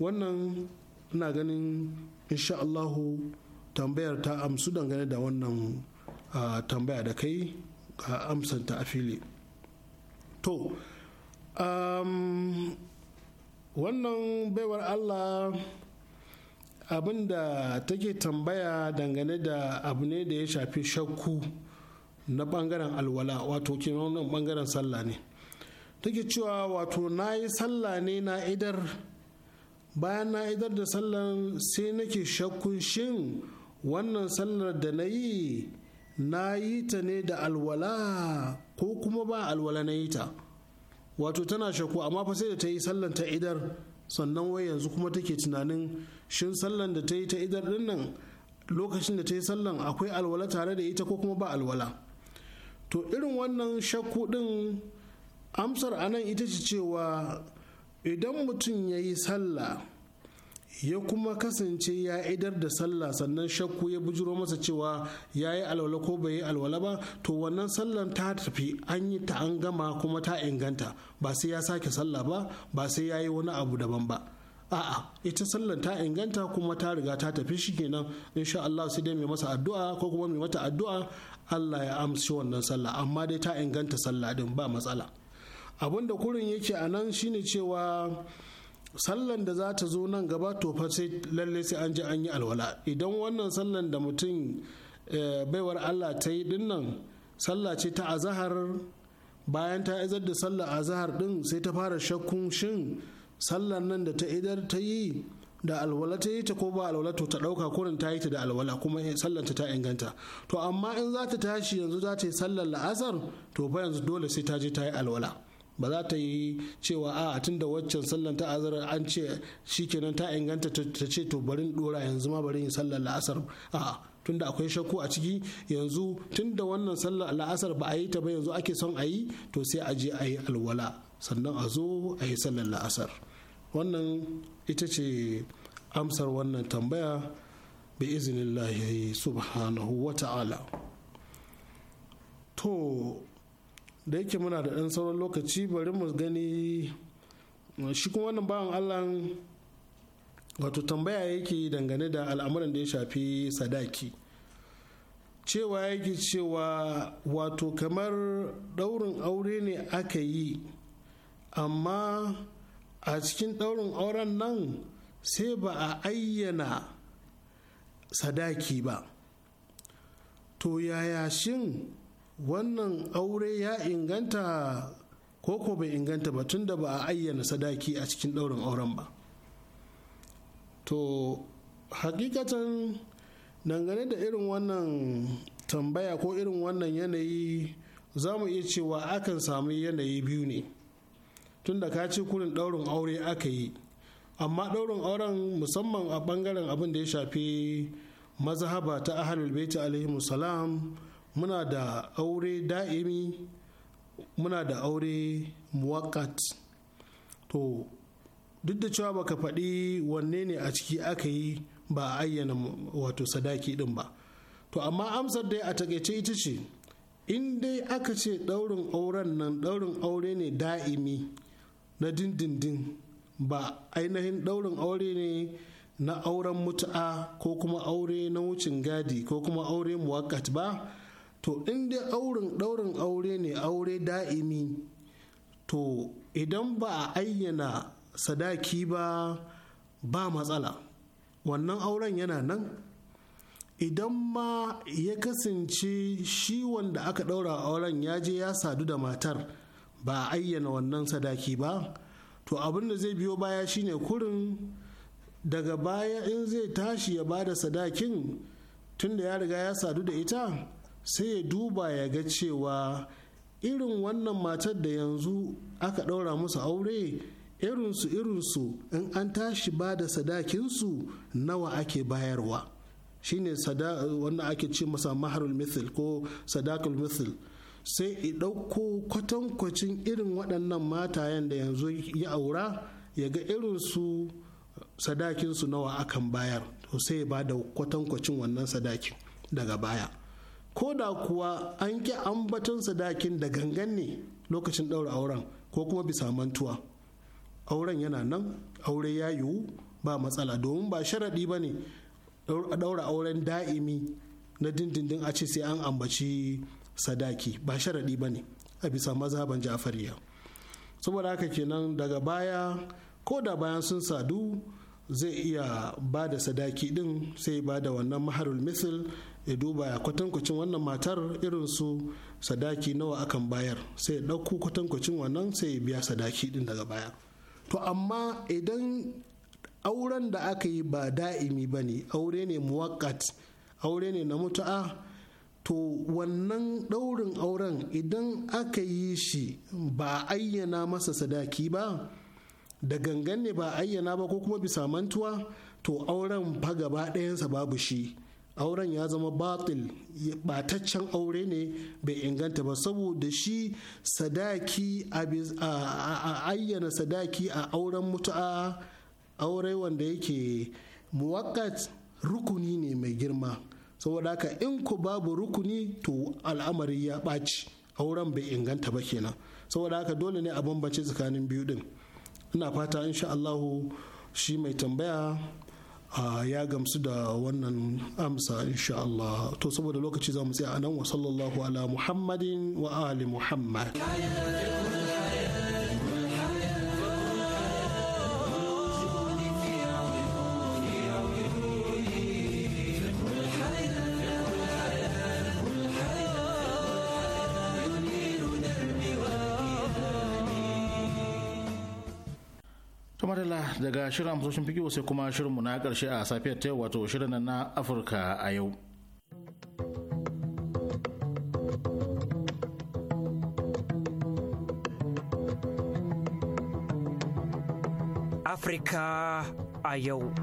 wannan ina ganin insha Allahu tambayar ta amsu dangane da wannan tambaya da kai a amsanta a fili to um, wannan baiwar Allah abin da take tambaya dangane da abu ne da ya shafi shakku na bangaren alwala wato kinan bangaren sallah ne take cewa wato na yi sallah ne na idar bayan na idar da sallar sai nake shakkun shin wannan sallar da na yi na yi ta ne da alwala ko kuma ba alwala na yi ta wato tana shaku amma fa sai da ta yi sallan ta idar sannan wai yanzu kuma take tunanin shin sallan da ta yi ta idar din nan lokacin da ta yi sallan akwai alwala tare da ita ko kuma ba alwala to irin wannan shakku din amsar anan ita ce cewa idan mutum ya yi sallah ya kuma kasance ya idar da sallah sannan shakku ya bujiro masa cewa ya yi alwala ko bai yi alwala ba to wannan sallan ta tafi an yi ta an gama kuma ta inganta ba sai ya sake sallah ba ba sai ya yi wani abu daban ba a'a ita sallan ta inganta kuma ta riga ta tafi shikenan insha Allah sai dai mai masa addu'a ko kuma mai mata addu'a Allah ya amshi wannan sallah amma dai ta inganta sallah din ba matsala abin da kurin yake a nan shine cewa sallan da za ta zo nan gaba to fa sai lalle sai an ji an yi alwala idan wannan sallan da mutum eh, baiwar Allah ta yi dinnan sallah ce ta azahar bayan ta izar da sallar azahar din sai ta fara shakkun shin sallar nan da ta idar ta yi da alwala ta yi ta ko ba alwala to ta dauka kurin ta yi ta da alwala kuma sallan ta ta inganta to amma in za ta tashi yanzu za ta yi sallar la'asar to fa yanzu dole sai ta je ta yi alwala ba za ta yi cewa a tun da waccan sallan ta azara an ce shikenan ta inganta ta ce to barin dora yanzu ma barin sallar la'asar a da akwai shakku a ciki yanzu tun da wannan sallar la'asar ba a yi ta ba yanzu ake son a yi to sai a je a yi alwala sannan a zo a yi sallar la'asar wannan ita ce amsar wannan tambaya bi izinillahi subhanahu wa ta'ala to da yake muna da ɗan sauran lokaci bari mu gani shi kuma wannan bawan allah wato tambaya yake dangane da al'amuran da ya shafi sadaki cewa yake cewa wato kamar ɗaurin aure ne aka yi amma a cikin ɗaurin auren nan sai ba a ayyana sadaki ba to yaya shin wannan aure ya inganta ko ko bai inganta ba tunda ba a ayyana sadaki a cikin ɗaurin auren ba to hakikatan dangane da irin wannan tambaya ko irin wannan yanayi za mu iya cewa akan samu yanayi biyu ne tunda ka ce kurin ɗaurin aure aka yi amma ɗaurin auren musamman a ɓangaren abin da ya shafi mazhaba ta ahalul baiti alaihi salam muna da aure da'imi muna da aure muwakat to duk da cewa baka faɗi wanne ne a ciki aka yi ba a ayyana wato sadaki din ba to amma amsar dai a takaice ita ce in dai aka ce ɗaurin auren nan ɗaurin aure ne da'imi na dindindin ba ainihin ɗaurin aure ne na auren mutu'a ko kuma aure na wucin gadi ko kuma aure muwakat ba to in dai auren ɗaurin aure ne aure da'imi to idan ba a ayyana sadaki ba ba matsala wannan auren yana nan idan ma ya kasance shi wanda aka ɗaura auren ya je ya sadu da matar ba a ayyana wannan sadaki ba to abin da zai biyo baya shine kurin daga baya in zai tashi ya bada sadakin tunda ya riga ya sadu da ita sai ya duba ya ga cewa irin wannan matar da yanzu aka ɗaura musu aure irinsu irinsu in an tashi ba da sadakinsu nawa ake bayarwa shine wannan ake ce masa maharul mithil ko sadakul mithil sai i ɗauko kwatankwacin irin waɗannan matayen da yanzu ya aura ya ga irinsu sadakinsu nawa akan bayar to sai ya ba da kwatankwacin wannan sadakin daga baya ko da kuwa an ƙi ambaton sadakin da gangan ne lokacin ɗaura auren ko kuma bisa mantuwa auren yana nan aure ya yiwu ba matsala domin ba sharaɗi ba ne ɗaura auren da'imi na dindindin a ce sai an ambaci sadaki ba sharaɗi ba ne a bisa mazhaban ja'fariya saboda haka kenan daga baya ko da bayan sun sadu zai iya ba da sadaki din sai ba da wannan maharul misil ya duba kwatankwacin wannan matar irin su sadaki nawa akan bayar sai ya ɗauko kwatankwacin wannan sai ya biya sadaki din daga baya to amma idan auren da aka yi ba da'imi ba ne aure ne muwakkat aure ne na mutu'a to wannan ɗaurin auren idan aka yi shi ba ayyana masa sadaki ba da gangan ne ba ayyana ba ko kuma bisa mantuwa to auren fa gaba ɗayansa babu shi auren ya zama batil bataccen aure ne bai inganta ba saboda shi sadaki a ayyana sadaki a auren mutu'a aure wanda yake muwakkat rukuni ne mai girma saboda haka in ku babu rukuni to al'amari ya ɓaci auren bai inganta ba kenan saboda haka dole ne a bambance tsakanin biyu din ina fata insha Allahu shi mai tambaya ya gamsu da wannan amsa insha Allah to saboda lokaci za mu tsaya a nan wa sallallahu ala muhammadin wa ali muhammad daga shirin amsoshin fikiyo sai kuma shirinmu na karshe a safiyar ta wato shirin na afirka a yau afirka a yau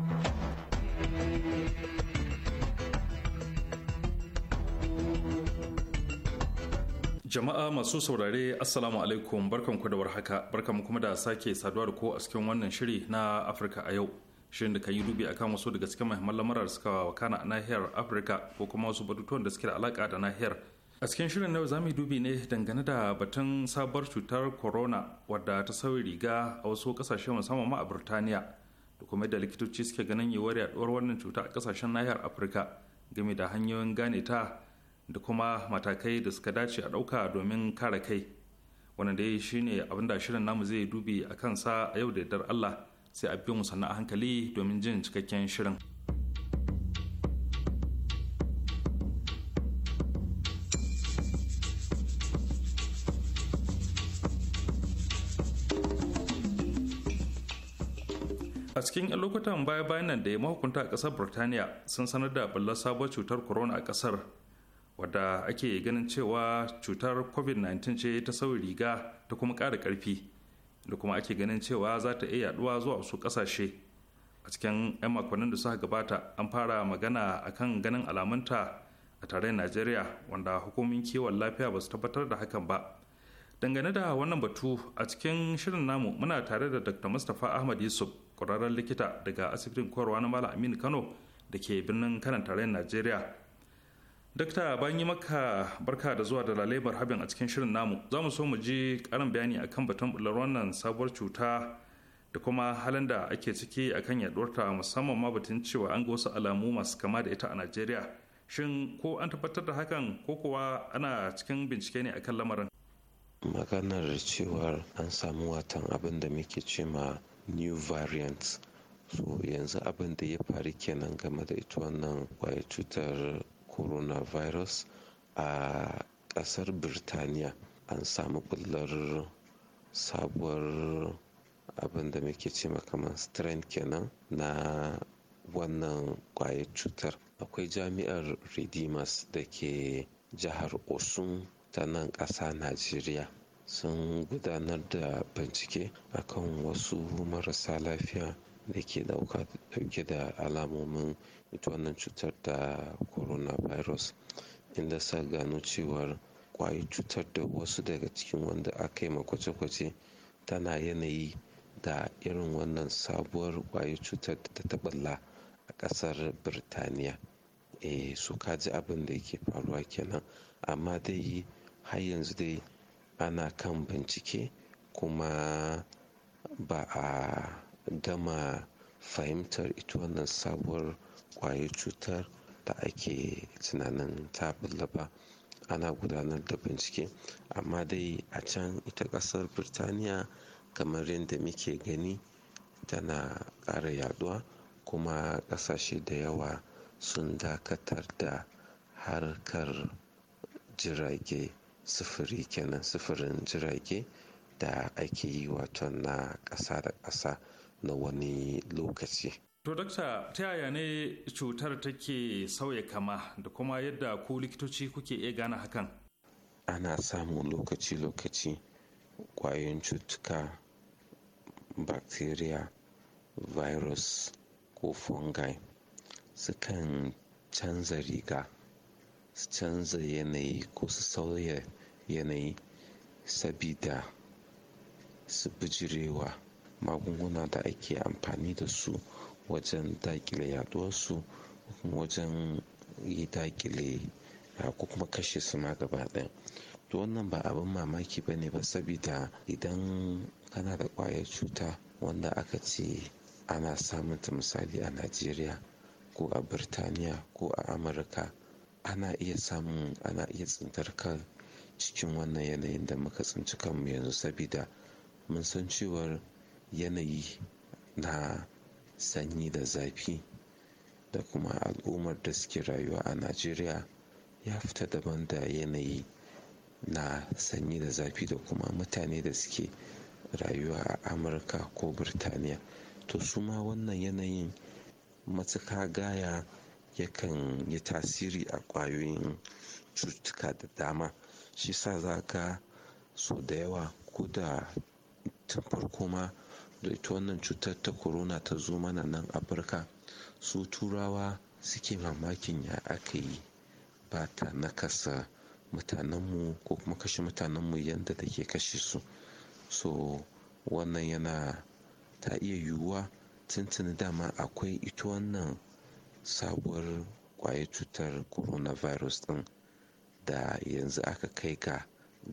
Jama'a masu saurare Assalamu alaikum barkanku da warhaka barkanku kuma da sake saduwa da ko a cikin wannan shiri na Afirka a yau. Shirin da kan yi dubi akan wasu daga cikin mahimman lamarar suka wakana a nahiyar Afirka ko kuma wasu batutuwan da suke da alaka da nahiyar. A cikin shirin na yau za dubi ne dangane da batun sabuwar cutar corona wadda ta sauyi riga a wasu kasashe musamman ma a Burtaniya da kuma da likitoci suke ganin yiwuwar yaduwar wannan cuta a kasashen nahiyar Afirka game da hanyoyin gane ta da kuma matakai da suka dace a ɗauka domin kare kai wanda dai shine abin da shirin namu zai dubi a kansa a yau da yardar Allah sai a biyo mu sannan hankali domin jin cikakken shirin. a cikin 'yan lokutan baya-bayan nan da ya mahukunta a ƙasar burtaniya sun sanar da ballar sabuwar cutar corona a ƙasar wadda ake ganin cewa cutar covid-19 ce ta sauyi riga ta kuma ƙara ƙarfi da kuma ake ganin cewa za ta iya yaduwa zuwa wasu ƙasashe a cikin 'yan makonnin da suka gabata an fara magana akan ganin alamunta a tare najeriya wanda hukumomin kiwon lafiya ba su tabbatar da hakan ba dangane da wannan batu a cikin shirin namu muna tare da dr mustapha ahmad yusuf ƙwararren likita daga asibitin koyarwa na malam aminu kano da ke birnin kanan tarayyar najeriya dakta bayan yi maka barka da zuwa da lalebar habin a cikin shirin namu za mu so mu ji karin bayani akan batun bular wannan sabuwar cuta da kuma halin da ake ciki akan yaɗuwarta musamman ma batun cewa an ga wasu alamu masu kama da ita a najeriya shin ko an tabbatar da hakan ko kuwa ana cikin bincike ne akan lamarin maganar cewa an samu watan abin da muke ce ma new variant so yanzu abin da ya faru kenan game da ita wannan kwayar cutar coronavirus a ƙasar birtaniya an samu ɓullar sabuwar abinda da muke ce kamar strain kenan na wannan kwayar cutar akwai jami'ar redeemers da ke jihar osun ta nan ƙasa najeriya sun gudanar da bincike akan wasu marasa lafiya da ke dauke da alamomin ita wannan cutar ta coronavirus inda sa gano cewar kwayi cutar da wasu daga cikin wanda aka yi makwace-kwace tana yanayi da irin wannan sabuwar kwayi cutar da ta ɓalla a ƙasar birtaniya e su kaji abin da yake faruwa kenan amma dai har yanzu dai ana kan bincike kuma ba a gama fahimtar ita wannan sabuwar ƙwayar cutar da ake tunanin ta ba ana gudanar da bincike amma dai a can ita ƙasar birtaniya kamar yadda muke gani tana ƙara yaduwa kuma ƙasashe da yawa sun dakatar da harkar jirage sufuri kenan sufurin jirage da ake yi wato na ƙasa da ƙasa na wani lokaci To dokta ta yaya ne cutar take sauya kama da kuma yadda ku likitoci kuke iya gane hakan? Ana samun lokaci-lokaci ƙwayoyin cutuka, bacteria, virus ko fungi sukan canza riga, su canza yanayi ko su sauya yanayi sabida su bijirewa magunguna da ake amfani da su. wajen dakile yaduwarsu wajen yi daƙile ah, ko kuma kashe su ma gaba ɗaya to wannan ba abin mamaki ba ne ba sabida idan kana da ƙwayar cuta wanda aka ce ana samun ta misali a najeriya ko a birtaniya ko a amurka ana iya samun ana iya tsintar kan cikin wannan yanayin da muka tsinci kanmu yanzu sabida mun san cewar yanayi na sanyi da zafi da kuma al'ummar da suke rayuwa a najeriya ya fita daban da yanayi na sanyi da zafi da kuma mutane da suke rayuwa a amurka ko birtaniya to su ma wannan yanayin matuka gaya yakan yi tasiri a ƙwayoyin cutuka da dama shi sa za ka so da yawa ko da tun farko da ita wannan cutar ta corona ta zo mana nan afirka su turawa suke mamakin ya aka yi ba ta nakasa mutanenmu ko kuma kashe mutanenmu yadda take kashe su so wannan yana ta iya yiwuwa tuntuni dama akwai ita wannan sabuwar kwayar cutar coronavirus din da yanzu aka kai ga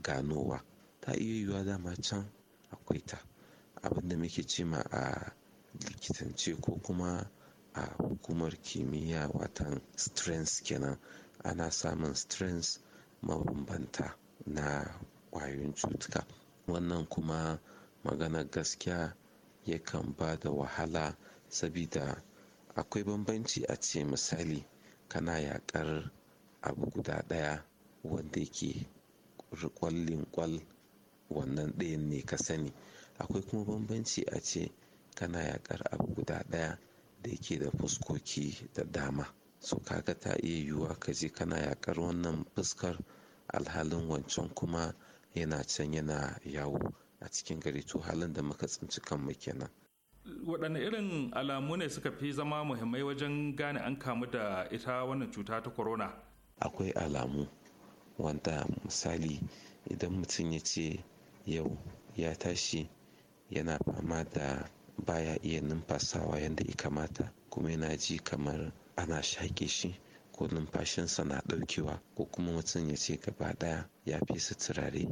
ganowa ta iya yiwuwa dama can akwai ta abin da muke cema a likitance ko kuma a hukumar kimiyya watan strengths kenan ana samun strengths mabambanta na kwayoyin cutuka wannan kuma maganar gaskiya yakan ba da wahala sabida akwai bambanci a ce misali kana yakar abu guda ɗaya wanda yake ƙwallin kwal wannan ɗayan ne ka sani akwai kuma bambanci a ce kana yakar abu guda ɗaya da yake da fuskoki da dama so kaga ta iya yiwuwa ka je kana yakar wannan fuskar alhalin wancan kuma yana can yana yawo a cikin gari to halin da muka tsinci kanmu kenan waɗanne irin alamu ne suka fi zama muhimmai wajen gane an kamu da ita wannan cuta ta corona akwai alamu wanda misali idan mutum ya ce yau ya tashi yana fama da baya iya numfasawa yadda ya kamata kuma yana ji kamar ana shaƙe shi ko numfashinsa na ɗaukewa ko kuma mutum ya ce gaba ɗaya ya fi su turare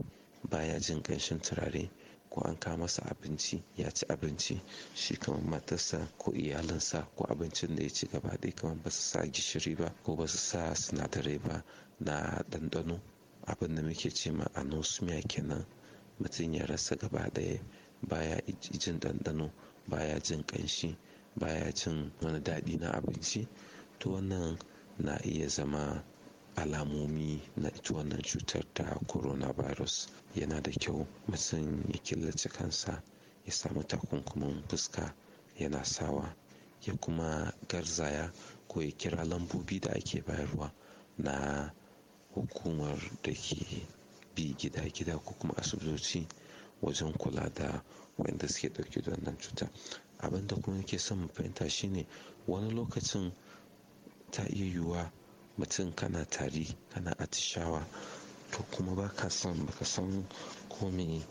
baya jin ƙanshin turare ko an kawo masa abinci ya ci abinci shi kamar matarsa ko iyalinsa ko abincin da ya ci gaba ɗaya kamar ba su sa gishiri ba ko ba su sa sinadarai ba na ɗanɗano abin da muke ce ma anosmia kenan mutum ya rasa gaba ɗaya baya jin ɗanɗano baya jin ƙanshi baya jin wani daɗi na abinci to wannan na iya zama alamomi na ita wannan cutar ta coronavirus yana da kyau mutum ya killace kansa ya samu takunkumin fuska yana sawa ya kuma garzaya ko ya kira lambobi da ake bayarwa na hukumar da ke bi gida-gida ko kuma asibitoci wajen kula da wanda suke ɗauke da wannan cuta abin da kuma yake son mu fahimta shine wani lokacin ta iya yiwuwa mutum kana tari kana atishawa to kuma ba ka son ba san ko me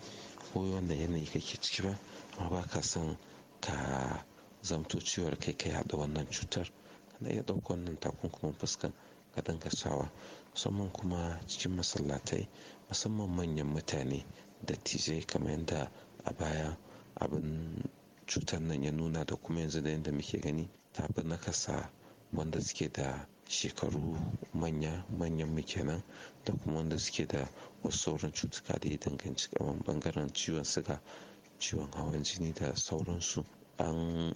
ko wanda yanayi kake ciki ba amma ba ka son ka zamto ciwar kai ka yada wannan cutar kana iya dauka wannan takunkumin fuskan ka dinga sawa musamman kuma cikin masallatai musamman manyan mutane dattijai kamar yadda a baya abin cutar nan ya nuna da kuma yanzu da yadda muke gani ta fi nakasa wanda suke da shekaru manya manyan mu kenan da kuma wanda suke da wasu sauran cutuka da ya danganci kaman bangaren ciwon suga ciwon hawan jini da sauransu an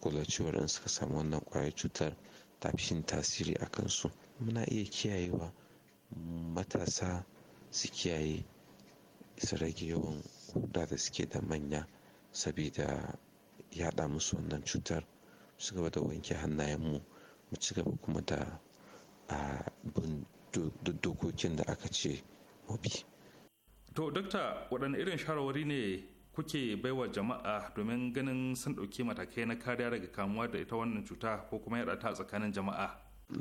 kula cewar in suka samu wannan kwayar cutar ta fi tasiri a kansu muna iya kiyayewa matasa su kiyaye su rage yawan huda da suke da manya sabida yaɗa musu wannan cutar su gaba da wanke hannayen mu ci gaba kuma da bin dokokin da aka ce mu bi. To, dokta waɗanne irin shawarwari ne kuke baiwa jama'a domin ganin sun ɗauki matakai na kariya daga kamuwa da ita wannan cuta ko kuma yaɗa ta tsakanin jama'a?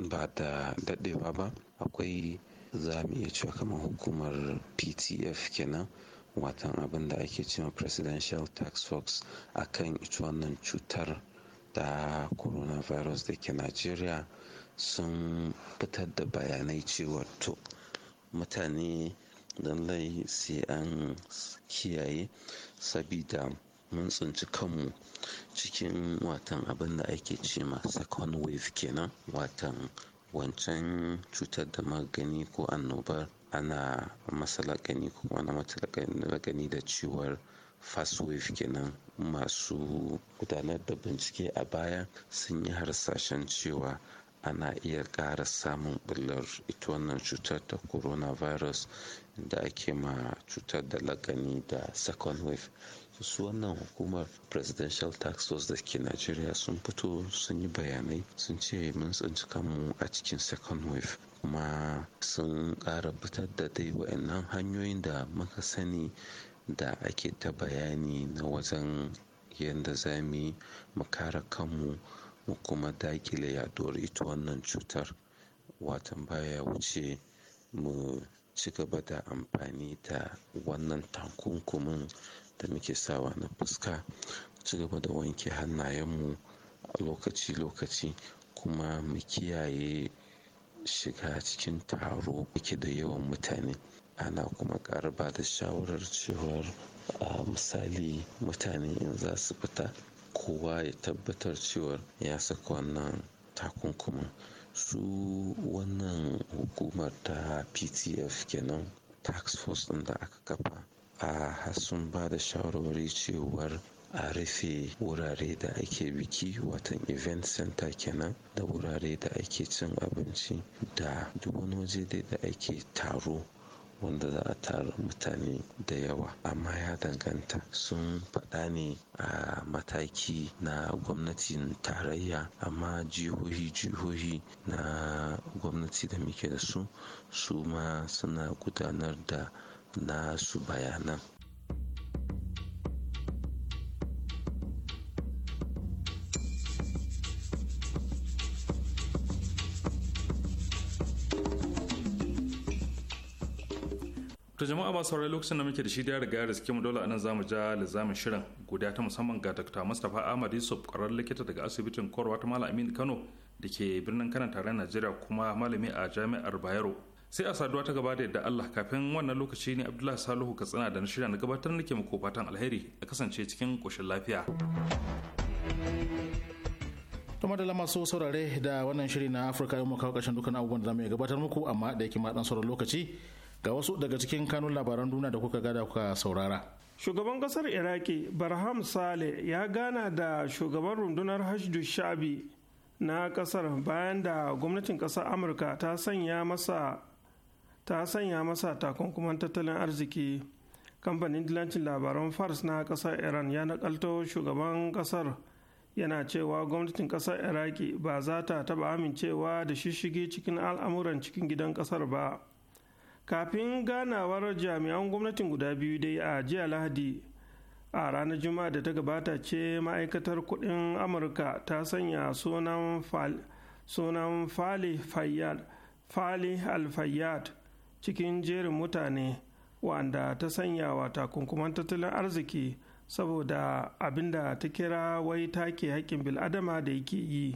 Ba da daɗewa ba, akwai za mu iya cewa kamar hukumar ptf kenan watan abin da ake cewa presidential tax force kan ita wannan cutar ta coronavirus da ke nigeria sun fitar da bayanai cewa to mutane lallai sai an kiyaye sabida mun tsinci kanmu cikin watan abin da ake cema second wave kenan watan wancan cutar da magani ko annobar ana masa lagani ko ana mata lagani da ciwon fast wave kenan masu gudanar da bincike a baya sun yi harsashen cewa ana iya ƙara samun bullar ita wannan cutar ta coronavirus da ake ma cutar da lagani da second wave wasu wannan hukumar presidential tax force da ke najeriya sun fito sun yi bayanai sun ce mun tsinci kanmu a cikin second wave kuma sun ƙara fitar da dai wa'annan hanyoyin da muka sani da ake ta bayani na wajen yadda za mu yi mu kare kanmu mu kuma dakile yaduwar ita wannan cutar watan baya wuce mu ci gaba da amfani da wannan takunkumin da muke sawa na fuska ci gaba da wanke hannayenmu a lokaci-lokaci kuma mu kiyaye shiga cikin taro yake da yawan mutane ana kuma karba da shawarar cewar a misali mutane in za su fita kowa ya tabbatar cewar ya saka wannan takunkumin su wannan hukumar ta ptf kenan tax force inda da aka kafa har sun ba da shawarwari cewar a rufe wurare da ake biki watan event center kenan da wurare da ake cin abinci da duk wani waje dai da ake taro wanda za a tara mutane da yawa amma ya danganta sun faɗa ne a mataki na gwamnatin tarayya amma jihohi-jihohi na gwamnati da muke da su su ma suna gudanar da nasu bayanan ta jama'a ba saurari lokacin da muke da shi da riga da suke dole a za zamu ja lizamin shirin guda ta musamman ga Dr. Mustapha Ahmad Yusuf ƙwararren likita daga asibitin Korwa ta Malam Aminu Kano da ke birnin Kano tare Najeriya kuma malami a Jami'ar Bayero sai a saduwa ta gaba da yadda Allah kafin wannan lokaci ne Abdullahi Salihu Katsina da na shirya na gabatar nake muku fatan alheri a kasance cikin koshin lafiya. kuma da masu saurare da wannan shiri na afirka yau kawo kashin dukkan abubuwan da zamu gabatar muku amma da yake ma dan sauran lokaci ga wasu daga cikin kanun labaran duniya da kuka gada kuka saurara shugaban kasar iraki barham saleh ya gana da shugaban rundunar hajjdu shabi na kasar bayan da gwamnatin kasar amurka ta sanya masa ta sanya masa takunkuman tattalin arziki kamfanin dilancin labaran fars na kasar iran ya nakalto shugaban kasar yana cewa gwamnatin kasar iraki ba za ta taba amincewa da shishigi cikin al'amuran cikin gidan kasar ba kafin ganawar jami'an gwamnatin guda biyu dai a jiya lahadi a ranar juma'a da ta gabata ce ma'aikatar kudin amurka ta sanya sunan fali alfayyad. cikin jerin mutane wanda ta sanya wa takunkuman tattalin arziki saboda abinda ta kira wai ke haƙƙin bil'adama da yake yi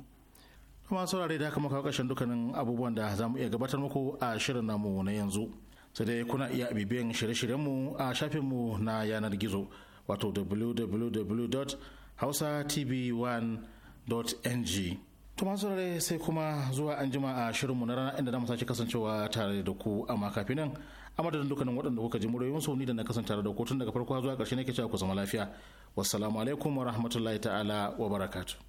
kuma saurare da kuma kakashin dukkanin abubuwan da za mu iya gabatar muku a shirin namu na yanzu sai dai kuna iya bibiyan shirye-shiryenmu a shafinmu na yanar gizo wato www.hausatv1.ng masu rare sai kuma zuwa an jima a shirinmu na rana inda na sake kasancewa tare da ku amma kafin nan a madadin dukkanin waɗanda kuka ji muryoyin su ni da na kasance tare da ku tun daga farko zuwa ƙarshe nake cewa ku zama lafiya wassalamu alaikum wa rahmatullahi ta'ala wa barakatu.